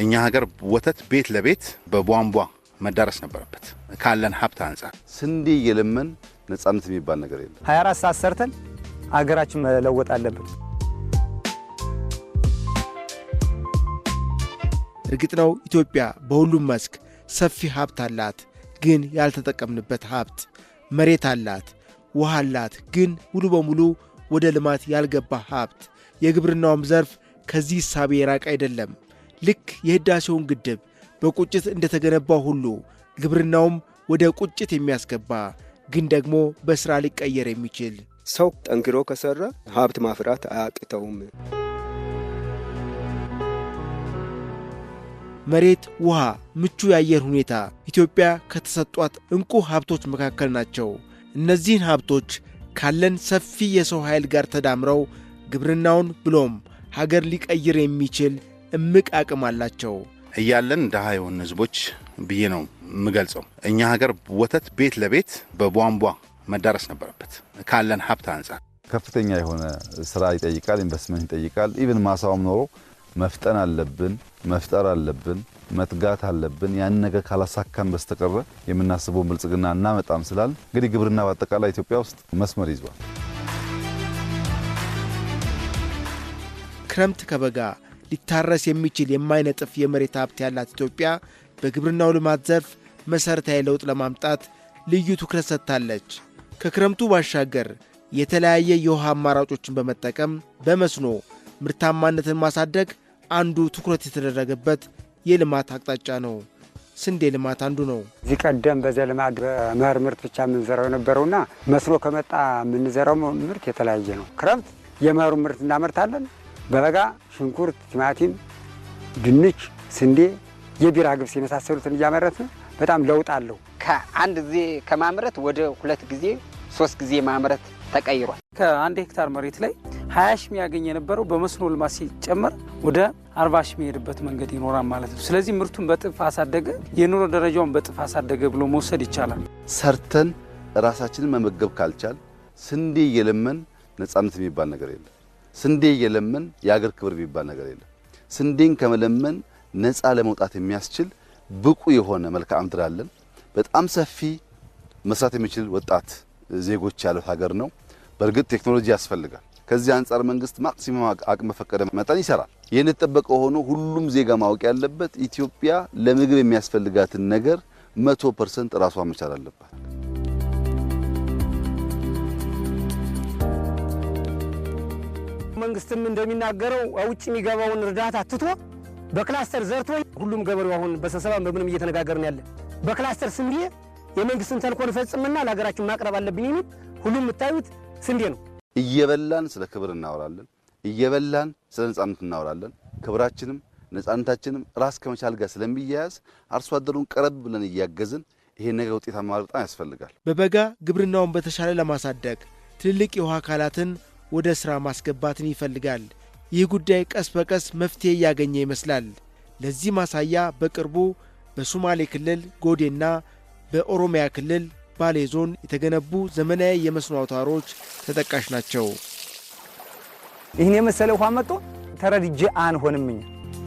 እኛ ሀገር ወተት ቤት ለቤት በቧንቧ መዳረስ ነበረበት። ካለን ሀብት አንጻር ስንዴ እየለመን ነጻነት የሚባል ነገር የለም። 24 ሰዓት ሰርተን አገራችን መለወጥ አለብን። እርግጥ ነው ኢትዮጵያ በሁሉም መስክ ሰፊ ሀብት አላት፣ ግን ያልተጠቀምንበት ሀብት መሬት አላት፣ ውሃ አላት፣ ግን ሙሉ በሙሉ ወደ ልማት ያልገባ ሀብት። የግብርናውም ዘርፍ ከዚህ እሳቤ የራቀ አይደለም። ልክ የህዳሴውን ግድብ በቁጭት እንደተገነባ ሁሉ ግብርናውም ወደ ቁጭት የሚያስገባ ግን ደግሞ በሥራ ሊቀየር የሚችል ሰው ጠንክሮ ከሠራ ሀብት ማፍራት አያቅተውም። መሬት፣ ውሃ፣ ምቹ የአየር ሁኔታ ኢትዮጵያ ከተሰጧት እንቁ ሀብቶች መካከል ናቸው። እነዚህን ሀብቶች ካለን ሰፊ የሰው ኃይል ጋር ተዳምረው ግብርናውን ብሎም ሀገር ሊቀይር የሚችል እምቅ አቅም አላቸው እያለን ድሀ የሆኑ ህዝቦች ብዬ ነው የምገልጸው። እኛ ሀገር ወተት ቤት ለቤት በቧንቧ መዳረስ ነበረበት ካለን ሀብት አንጻር። ከፍተኛ የሆነ ስራ ይጠይቃል፣ ኢንቨስትመንት ይጠይቃል። ኢቭን ማሳውም ኖሮ መፍጠን አለብን፣ መፍጠር አለብን፣ መትጋት አለብን። ያን ነገር ካላሳካን በስተቀረ የምናስበውን ብልጽግና እናመጣም ስላል እንግዲህ ግብርና በአጠቃላይ ኢትዮጵያ ውስጥ መስመር ይዟል። ክረምት ከበጋ ሊታረስ የሚችል የማይነጥፍ የመሬት ሀብት ያላት ኢትዮጵያ በግብርናው ልማት ዘርፍ መሠረታዊ ለውጥ ለማምጣት ልዩ ትኩረት ሰጥታለች። ከክረምቱ ባሻገር የተለያየ የውሃ አማራጮችን በመጠቀም በመስኖ ምርታማነትን ማሳደግ አንዱ ትኩረት የተደረገበት የልማት አቅጣጫ ነው። ስንዴ ልማት አንዱ ነው። እዚህ ቀደም በዘልማድ በመኸር ምርት ብቻ የምንዘራው የነበረውና መስኖ ከመጣ የምንዘራው ምርት የተለያየ ነው። ክረምት የመኸሩ ምርት እናመርታለን፣ በበጋ ሽንኩርት፣ ቲማቲም፣ ድንች፣ ስንዴ፣ የቢራ ግብስ የመሳሰሉትን እያመረትን በጣም ለውጥ አለው። ከአንድ ጊዜ ከማምረት ወደ ሁለት ጊዜ ሶስት ጊዜ ማምረት ተቀይሯል። ከአንድ ሄክታር መሬት ላይ ሀያ ሺህ የሚያገኝ የነበረው በመስኖ ልማት ሲጨመር ወደ አርባ ሺህ የሚሄድበት መንገድ ይኖራል ማለት ነው። ስለዚህ ምርቱን በጥፍ አሳደገ፣ የኑሮ ደረጃውን በጥፍ አሳደገ ብሎ መውሰድ ይቻላል። ሰርተን ራሳችንን መመገብ ካልቻል ስንዴ እየለመን ነጻነት የሚባል ነገር የለም። ስንዴ እየለመን የአገር ክብር የሚባል ነገር የለም። ስንዴን ከመለመን ነፃ ለመውጣት የሚያስችል ብቁ የሆነ መልክዓ ምድር አለን። በጣም ሰፊ መስራት የሚችል ወጣት ዜጎች ያሉት ሀገር ነው። በእርግጥ ቴክኖሎጂ ያስፈልጋል። ከዚህ አንጻር መንግስት ማክሲመም አቅም በፈቀደ መጠን ይሰራል። ይህን የተጠበቀ ሆኖ ሁሉም ዜጋ ማወቅ ያለበት ኢትዮጵያ ለምግብ የሚያስፈልጋትን ነገር መቶ ፐርሰንት ራሷ መቻል አለባት። መንግስትም እንደሚናገረው ውጭ የሚገባውን እርዳታ ትቶ በክላስተር ዘርቶ ሁሉም ገበሬው አሁን በስብሰባ በምንም እየተነጋገርን ያለ በክላስተር ስንዴ የመንግስትን ተልኮ ፈጽምና ለሀገራችን ማቅረብ አለብኝ የሚል ሁሉም የምታዩት ስንዴ ነው። እየበላን ስለ ክብር እናወራለን፣ እየበላን ስለ ነጻነት እናወራለን። ክብራችንም ነጻነታችንም ራስ ከመቻል ጋር ስለሚያያዝ አርሶ አደሩን ቀረብ ብለን እያገዝን ይሄ ነገር ውጤታማ በጣም ያስፈልጋል። በበጋ ግብርናውን በተሻለ ለማሳደግ ትልልቅ የውሃ አካላትን ወደ ሥራ ማስገባትን ይፈልጋል። ይህ ጉዳይ ቀስ በቀስ መፍትሔ እያገኘ ይመስላል። ለዚህ ማሳያ በቅርቡ በሶማሌ ክልል ጎዴና በኦሮሚያ ክልል ባሌ ዞን የተገነቡ ዘመናዊ የመስኖ አውታሮች ተጠቃሽ ናቸው። ይህን የመሰለ ውሃ መጥቶ ተረድጄ አንሆንምኝ።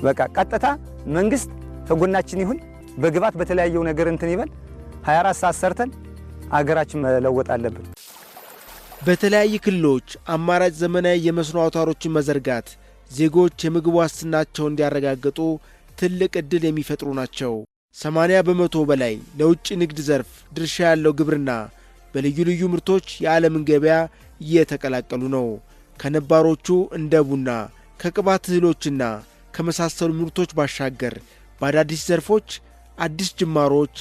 በቃ ቀጥታ መንግስት ከጎናችን ይሁን፣ በግባት በተለያየው ነገር እንትን ይበል። 24 ሰዓት ሰርተን አገራችን መለወጥ አለብን። በተለያዩ ክልሎች አማራጭ ዘመናዊ የመስኖ አውታሮችን መዘርጋት ዜጎች የምግብ ዋስትናቸው እንዲያረጋግጡ ትልቅ ዕድል የሚፈጥሩ ናቸው። 80 በመቶ በላይ ለውጭ ንግድ ዘርፍ ድርሻ ያለው ግብርና በልዩ ልዩ ምርቶች የዓለምን ገበያ እየተቀላቀሉ ነው። ከነባሮቹ እንደ ቡና፣ ከቅባት እህሎችና ከመሳሰሉ ምርቶች ባሻገር በአዳዲስ ዘርፎች አዲስ ጅማሮች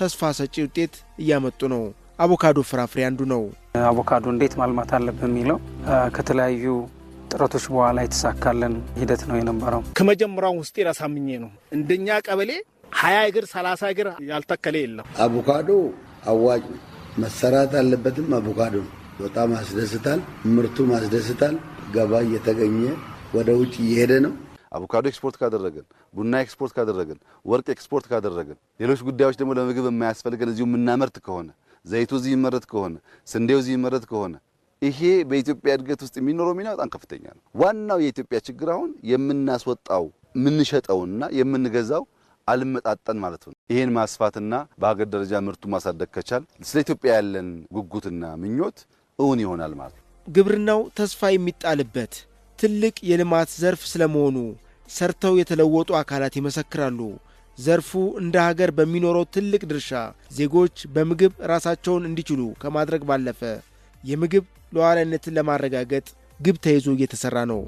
ተስፋ ሰጪ ውጤት እያመጡ ነው። አቮካዶ ፍራፍሬ አንዱ ነው። አቮካዶ እንዴት ማልማት አለብን የሚለው ከተለያዩ ጥረቶች በኋላ የተሳካለን ሂደት ነው የነበረው። ከመጀመሪያው ውስጤ ራሳምኜ ነው። እንደኛ ቀበሌ ሀያ እግር ሰላሳ እግር ያልተከለ የለም። አቮካዶ አዋጭ መሰራት አለበትም። አቮካዶ ነው። በጣም አስደስታል። ምርቱ አስደስታል። ገባ እየተገኘ ወደ ውጭ እየሄደ ነው። አቮካዶ ኤክስፖርት ካደረግን፣ ቡና ኤክስፖርት ካደረግን፣ ወርቅ ኤክስፖርት ካደረግን፣ ሌሎች ጉዳዮች ደግሞ ለምግብ የማያስፈልገን እዚሁ የምናመርት ከሆነ ዘይቱ እዚህ ይመረት ከሆነ ስንዴው እዚህ ይመረት ከሆነ ይሄ በኢትዮጵያ እድገት ውስጥ የሚኖረው ሚና በጣም ከፍተኛ ነው። ዋናው የኢትዮጵያ ችግር አሁን የምናስወጣው የምንሸጠውና የምንገዛው አልመጣጠን ማለት ነው። ይሄን ማስፋትና በሀገር ደረጃ ምርቱ ማሳደግ ከቻል ስለ ኢትዮጵያ ያለን ጉጉትና ምኞት እውን ይሆናል ማለት ነው። ግብርናው ተስፋ የሚጣልበት ትልቅ የልማት ዘርፍ ስለመሆኑ ሰርተው የተለወጡ አካላት ይመሰክራሉ። ዘርፉ እንደ ሀገር በሚኖረው ትልቅ ድርሻ ዜጎች በምግብ ራሳቸውን እንዲችሉ ከማድረግ ባለፈ የምግብ ሉዓላዊነትን ለማረጋገጥ ግብ ተይዞ እየተሠራ ነው።